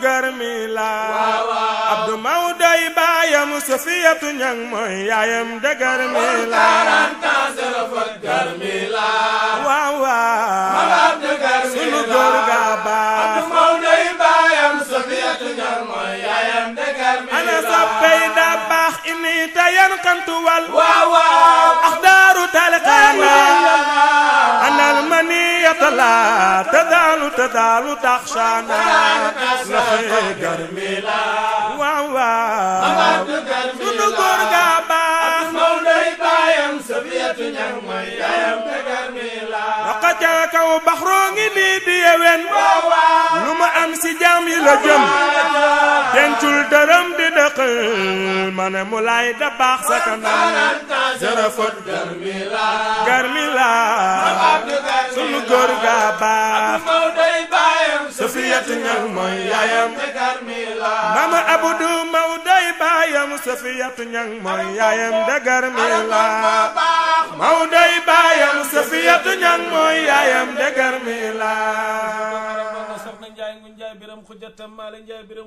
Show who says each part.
Speaker 1: garmila Abdou Mawdoy baayam Safiyatu ñang mooy yaayam de garmila waaw waaw sunu góor ga baax ana soppey da baax ini tayan kantuwal axdaaru talqaana anal maniyata la daalu te daalu daxsana la xëy garmi la waaw waaw sunu góor ga baax maw day baayam sabiyatu ñaŋ mooy yaayam te garmi la daqa ca kaw baxroo ngi nii di yewen lu ma am si jaam yi la jëm dencul dërëm di dëqal ma ne mu laay da baax sa kanam jërëfët garmi la mooy yaayam ci Karmila mama Abdou Mawday baayam Safiyatu ñang baayam Safiyatu ñang mooy yaayam de Karmila soxna Njaay ngu Njaay biram xujjatam maale Njaay biram